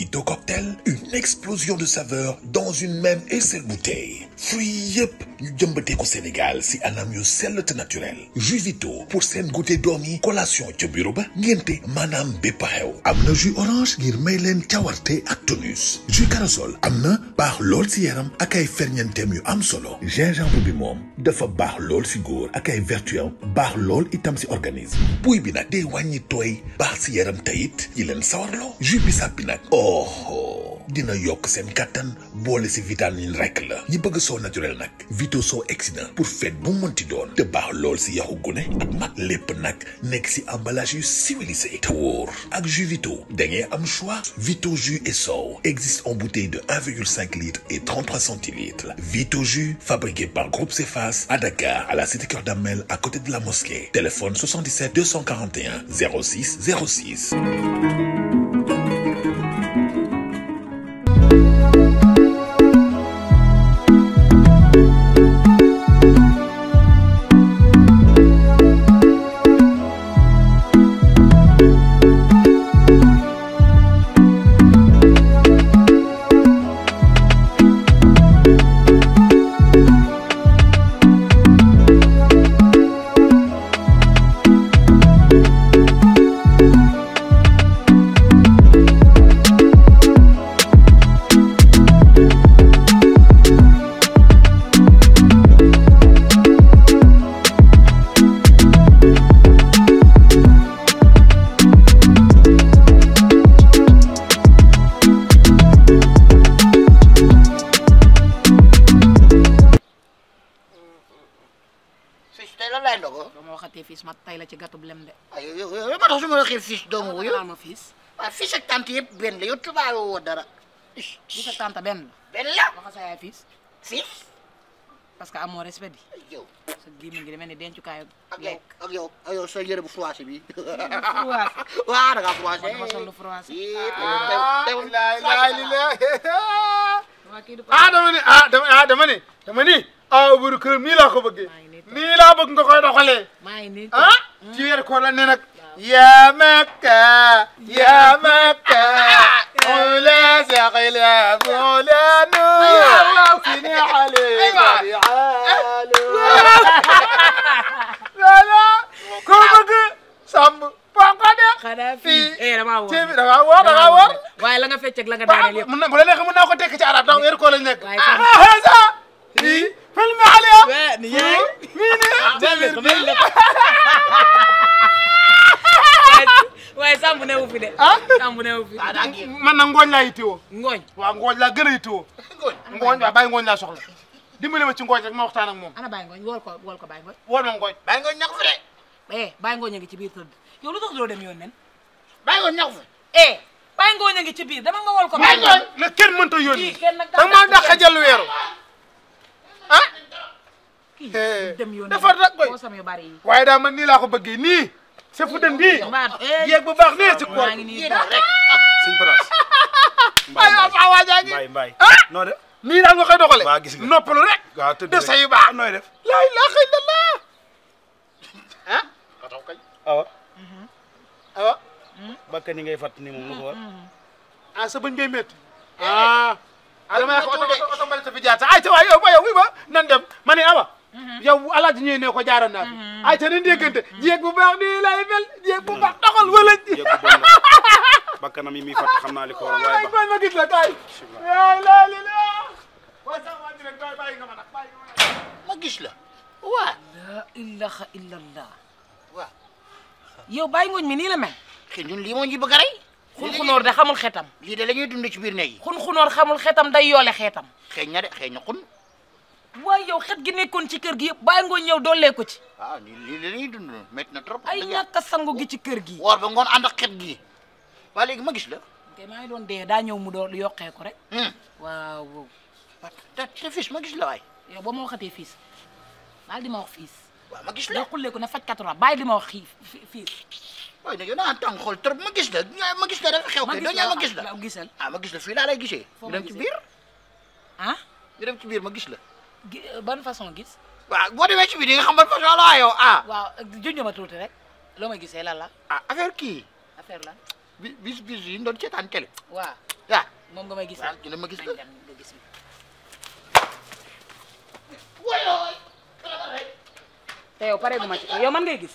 Vito Cocktail, une explosion de saveur dans une même et seule bouteille fruits yi yëpp ñu jëmbatee ko Sénégal si anam yu sell te naturel jus Vito pour seen goûter doom yi collation ca bureau ba ngénte maanaam bépp xew am na jus orange ngir may leen cawarte ak tonus jus corossol am na baax lool si yaram ak ay ferñeentem yu am solo gingembre bi moom dafa baax lool si góor ak ay vertu baax lool itam si organise buy bi nag de wàññi tooy baax si yaram tayit yi leen sawarloo jus bissap bi nag oh, oh. dina yokk seen kattan boole si vitamine rek la ñi bëgg soo naturel nag Vito soo exsident pour fête bu mënti doon te baax lool si yaxu gune ak mag lépp nag si emballage yu ak jus Vito da am choix Vito jus et sow existe en bouteille de 1,5 et centilitres Vito jus fabriqué par Groupe Cefas à à la cité Damel à côté de la mosquée téléphone ma tay la ci gàttu lem de. ay ah, yow yow ma tax su ma la waxee fiis doomu wu yow ma fiis. waaw fiis ak tante yëpp benn la la. benn la fiis. fiis. parce que amoo respect di. yow sa gii bu froissé bi. froissé waaw da ngaa froissé. man ma sol lu froissé. Ah. ah dama ne ah dama ah, nii laa bëgg nga koy doxalee. maa ngi nii ah. ci weer koor la ne nag. يا مكة يا مكة مولا زغل مولا نور سني عليك لا لا كوبك سامب xanaa fii eh damaa wóor damaa wóor damaa wóor. waaye la nga fecc ak la nga na bu ko tekki ci man nag ngooñ laa yittewoo. ngooñ waaw gën a yittewoo. ngooñ waaw bàyyi ngooñ laa soxla. dimbali ma ci ngooñ rek ma waxtaan ak moom. ana bàyyi ngooñ wool ko wool ko bàyyi ngooñ. wool ma ngooñ bàyyi ngooñ ñax fi de. eh bàyyi ngooñ a ngi ci biir eh, a ngi dama da maa ah? eh. daa man nii laa ko bëggee nii. c'est fu dem bii. yeeg bu baax nee ci koor. suñ place. mbaay mbaay mbaay ah! noo def. nii daal nga koy nga noppalu rek. waaw tëdd rek yu baax nooy def. la ilaha illallah. ah. waaw kay. awa. Mm-hmm. awa. Mm-hmm. bakkan ngay fàttali ni moom lu ko war. Mm-hmm. ah sa bëñ ngay métti. Eh. ah. ah damay ko ay ca ne awa. yow alaaji ñëwee ne ko jaaroon naa fi. bakkanam yi muy xam naa li laa li la waaye yow bàyyi mi nii la mel xi ñun lii moo ñu bëgg a rey xunxunoor de xamul xetam lii de la ñuy dund ci biir néeg yi xunxunoor xamul xetam day yoole xeetam xeeñ na de xeeñ xun waaye yow xet gi nekkoon ci kër gi yëpp bàyyi ngooñ ñëw dollee ko ci waaw ah, lii la ñuy dund métti na trop ay ñàkk sangu gi ci kër gi woor ba ngoon ànd ak xet gi waa léegi ma gis la. ok maa ngi doon dee daa ñëw mu doon yokkee ko rek. Hmm. waaw wow. te te fiis ma gis la waay. yow boo ma waxatee fiis baal di ma wax fiis. waaw ma gis la léegi xullee ko ne faj katu la bàyyi di ma wax xii fiis. waaye nag yow naa tàng xool trop ma gis la ma gis la dafa xew. ma gis la ma gis la ma gis la ah ma gis la fii laa lay gisee. foo dem ci biir. ah. ñu dem ci biir ma gis la. ban façon gis. waaw boo demee ci biir di nga xam ban façon la yow ah. waaw junj ma tuuti rek loo may gisee lan la. ah affaire kii. affaire la. bi bis bis yi ñu doon seetaan télé. waa waaw. moom nga may gis waaw dina ma gis la. te yow pare bu ma yow man ngay gis.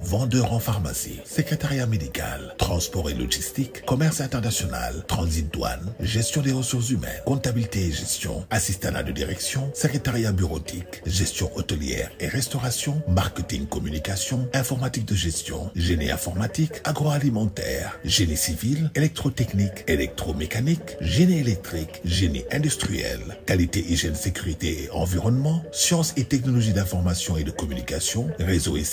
vendeur en pharmacie, secrétariat médical, transport et logistique, commerce international, transit douane, gestion des ressources humaines, comptabilité et gestion, assistanat de direction, secrétariat bureautique, gestion hôtelière et restauration, marketing communication, informatique de gestion, génie informatique, agroalimentaire, génie civil, électrotechnique, électromécanique, génie électrique, génie industriel, qualité, hygiène, sécurité et environnement, de communication, réseau et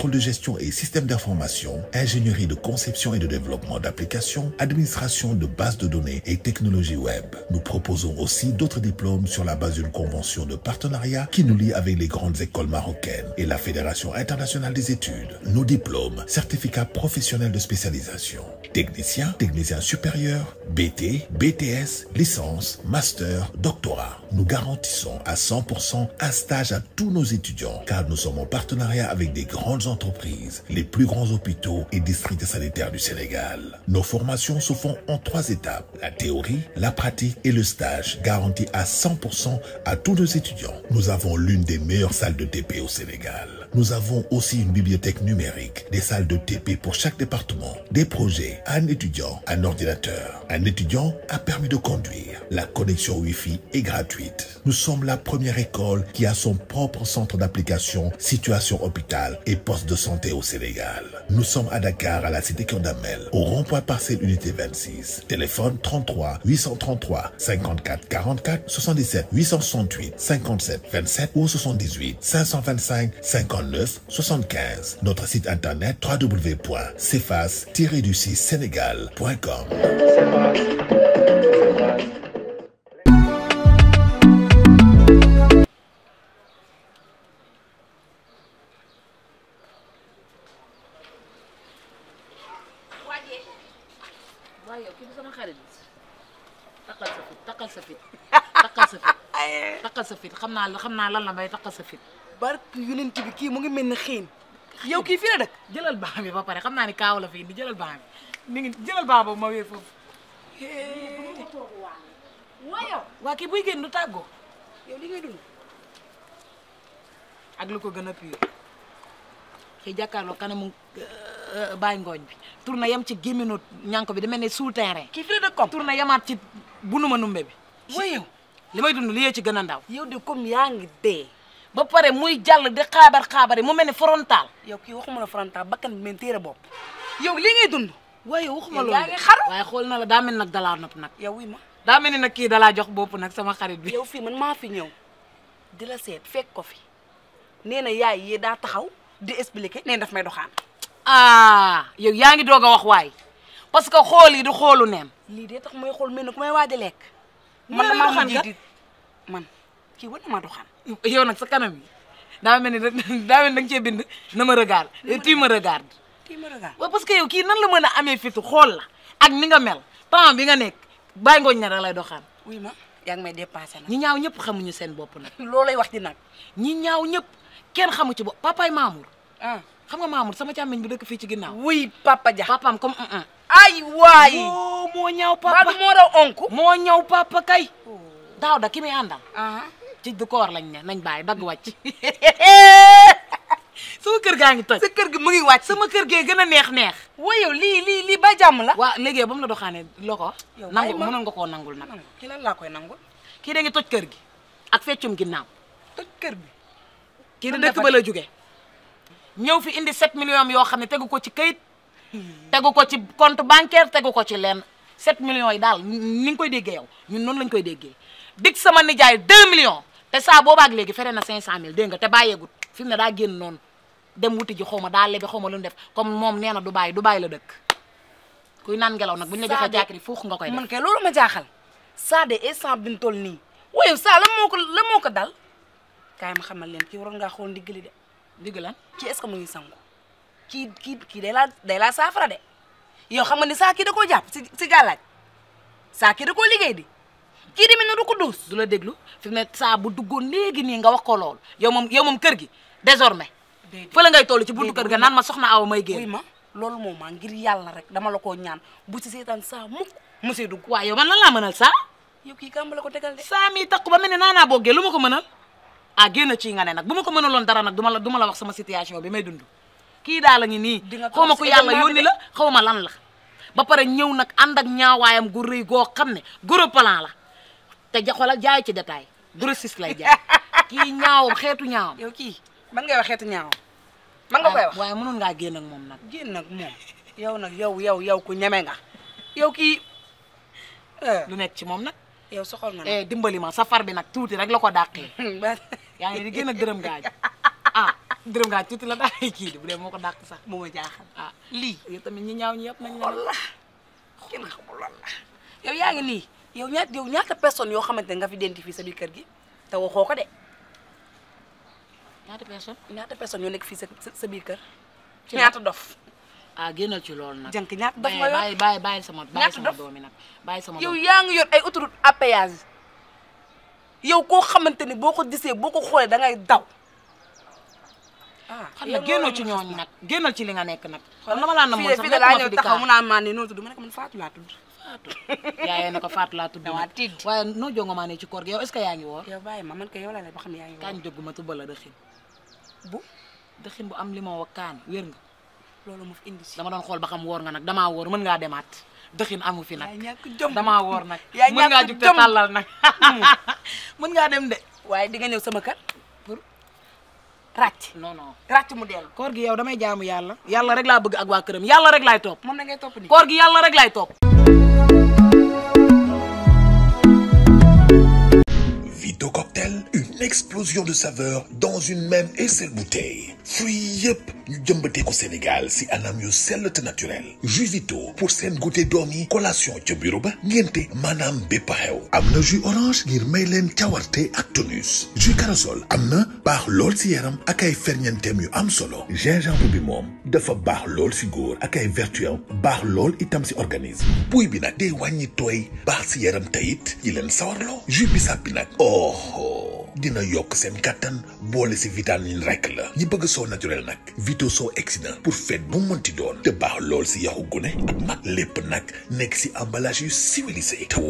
contrôle de gestion et système d'information, ingénierie de conception et de développement d'applications, administration de bases de données et technologies web. Nous proposons aussi d'autres diplômes sur la base d'une convention de partenariat qui nous lie avec les grandes écoles marocaines et la Fédération internationale des études. Nos diplômes, certificats professionnels de spécialisation, technicien, technicien BT, BTS, licence, master, doctorat. nous garantissons à 100% un stage à tous nos étudiants car nous sommes en partenariat avec des grandes entreprises, les plus grands hôpitaux et districts sanitaires du Sénégal. Nos formations se font en trois étapes, la théorie, la pratique et le stage garantis à 100% à tous nos étudiants. Nous avons l'une des meilleures salles de TP au Sénégal. Nous avons aussi une bibliothèque numérique, des salles de TP pour chaque département, des projets, un étudiant, un La connexion Wi-Fi est gratuite. Nous situation hôpital et poste de santé au Sénégal. Nous sommes à Dakar, à la cité Kondamel, au rond-point parcelle unité 26. Téléphone 33 833 54 209 75. Notre site internet www.cefas-du-6sénégal.com. waaw yow kii du sama xarit takkal sa fit takkal sa fit takkal sa fit takkal sa fit xam naa xam naa lan la may takkal sa fit barke yonent bi kii mu ngi mel ni xiin yow kii fii la dëkk jëlal baa mi ba pare xam naa ne kaaw la fii di jëlal baa mi mi ngi jëlal baa boobu buy génn du tàggoo yow li ngay dund ak lu ko gën a pire jàkkaarloo kanamu euh, baay ngooñ bi tourna yam ci gémminu ñànko bi da mel ne sous terrain kii fii la dëkk comme tourna ma ci bunuma numbe bi waaw yow li dund li yee ci gën a ndaw yow de comme yaa ngi dee ba pare muy jàll di xaabar xaabari mu mel ni frontal. yow kii waxuma la frontal bakkan bi mel téere bopp yow lii ngay dund. way waxuma loolu yaa waaye xool na la daa mel nag dalaa nopp nag. yow wi ma daa mel ni nag kii dalaa jox bopp nag sama xarit bi. yow fii man maa fi ñëw di la seet fekk ko fi nee na yaay yi daa taxaw di expliquer nee na daf may doxaan. ah yow yaa ngi doog a wax waay parce que xool yi du xoolu neem. lii de tax may xool mel ni ku may waaj a lekk. man damaa mujj di man kii war na doxaan. yow nag sa kanam yi daa mel ni da daa mel cee bind na ma regarde tu me regardes. tu me parce que yow kii nan la mën a amee fitu xool la ak ni nga mel temps bi nga nekk bàyyi ngooñ ñaar lay doxaan. oui ma yaa ngi may ñi ñaaw ñëpp xamuñu seen bopp nag. loolay wax di nag. ñi ñaaw ñëpp kenn xamu ci bopp papaay Mamour. ah xam nga Mamour sama càmmiñ bi dëkk fii ci ginnaaw. oui papa Dia papaam comme un un. ay waay oh, moo ñaaw papa moo daw moo ñaaw papa kay. Oh. daaw da ki muy àndal. Ah. ci du koor lañ ne nañ bàyyi dagg wàcc sama kër gaa ngi toj sa kër gi mu ngi wàcc sama kër gee gën a neex neex waa yow lii lii lii ba jàmm la waaw léegi ba mu la doxaane loo ko nangu mënoon nga koo nangul nag ki lan laa koy nangul kii da ngi toj kër gi ak feccum ginnaaw toj kër bi kii da dëkk ba la jóge ñëw fi indi 7 millions yoo xam ne tegu ko ci kayit tegu ko ci compte bancaire tegu ko ci lenn 7 millions yi daal ni nga koy déggee yow ñun noonu lañ koy déggee dig sama nijaay 2 millions te saa boobaak léegi fere na 500000 dégg nga te bàyyeegut fi mu ne daa génn noon dem wuti ji xaw ma daa lebi xaw ma lu mu def comme moom nee na du bàyyi du bàyyi la dëkk kuy naan ngelaw nag buñ la joxee jàkkri fuux nga koy def man kay loolu ma jaaxal saa de instant bi ñu toll nii waaye saa la moo la moo ko dal kaay ma xamal leen kii waroon ngaa xool ndiggali de ndigg lan ci est ce que mu ngi sangu kii kii kii day laa day laa saafara de yow xam nga ni saa kii da ko jàpp si si gàllaaj saa ki da koo liggéey di kii di mel ne du ko duus du la déglu fi mu ne saa bu duggoon léegi nii nga wax ko loolu yow moom yow moom kër gi désormais fa la ngay toll ci buntu kër ga naan ma soxna awa génn ma loolu moom maa ngir yàlla rek dama la koo ñaan bu si seetaan saa mukk mu see dugg waaw yow man lan laa mënal saa yow kii kàmb la ko tegal de saa mii takku ba mel ne naanaa boogee lu ma ko mënal ah génn ci nga ne nag bu ma ko loon dara nag duma la duma wax sama situation bi may dund kii daal la ngi nii xaw ma ko yàlla yónni la xaw ma lan la ba pare ñëw nag ànd ak ñaawaayam gu rëy goo xam ne gros plan la te ja xoolal jaay ci détail grossiste lay jaay kii ñaawam xeetu ñaawam. yow kii man ngay wax xeetu ñaawam. man nga koy wax ah, waaye mënoon ngaa génn ak moom nag. génn ak moom yow nag yow yow yow ku ñeme nga. yow kii. Eh. lu nekk ci moom nag. yow soxal na nag eh, dimbali ma safar bi nag tuuti rek la ko dàqee. yaa ngi di génn ak dërëm gaaj ah dërëm gaaj tuuti la dàqee kii di bu dee moo ko dàq sax moo ma jaaxal. ah lii yow tamit ñi ñaaw ñi yëpp nañ la. wallaahi kenn xamul wallaahi yow yaa ngi nii. yow ñaata yow ñaata personne yoo xamante ne nga fi identifié sa biir kër gi te waxoo ko de. ñaata personne ñaata personne yoo nekk fii sa sa biir kër. ci ñaata dof. ah génnal ci loolu nag. jànk ñaata dof nga yor bàyyi bàyyi bàyyi sama bàyyi sama nag bàyyi sama yow yaa ngi yor ay autoroute à péage yow koo xamante ni boo ko gisee boo ko xoolee da ngay daw. Ah, ah xam nga génnoo ci ñooñu nag génnal ci li nga nekk nag. xam nga laa namoon sax nekkuma fi de fii de laa ñëw taxaw mu naan maa ne noo tudd ma ne ko man tudd. Fatou yaayee na ko Fatou laa tudd waa tiit waaye noo jongomaa ne ci koor gi yow est-ce que yaa ngi woor yow bàyyi ma man ko yow laa lay ba xam yaa ngi woor kaan jóg ma tubba la dëxin bu dëxin bu am limon ak kaan wér nga loolu mu indi si dama doon xool ba xam woor nga nag damaa woor mën ngaa demaat dëxin amu fi nag damaa woor nag mën ngaa jug te tàllal nag mën ngaa dem de waaye di nga ñëw sama kër pour ràcc non non ràcc mu dellu koor gi yow damay jaamu yàlla yàlla rek laa bëgg ak waa këram yàlla rek laay topp na ngay topp ni koor gi yàlla rek ay topp une explosion de saveur dans une même et seule bouteille fruits yi yëpp ñu jëmbatee ko Sénégal si anam yu sell te naturel jus Vito pour seen goûter doom yi collation ca bureau ba ngénte maanaam bépp xew am na jus orange ngir may leen cawarte ak tonus jus corossol am na baax lool si yaram ak ay ferñeenteem yu am solo gingembre bi moom dafa baax lool si góor ak ay vertu baax lool itam si organise buy bi nag day wàññi tooy baax si yaram tayit yi leen sawarloo jus bisaab bi oh, oh dina yokk seen kattan boole si vitamine rek la ñi bëgg naturel nag vito soo exsident pour fête bu mënti doon si yaxu gune ak mag lépp nag nekk si emballage yu civilisé te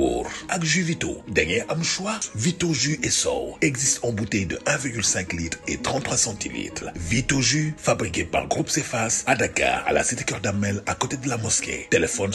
ak jus vito da ngeen am choix vito jus et sow existe en bouteille de 1,5 litre et centilitres vito jus fabriqué par Groupe Cefas à à la cité Keur Damel à côté de la mosquée téléphone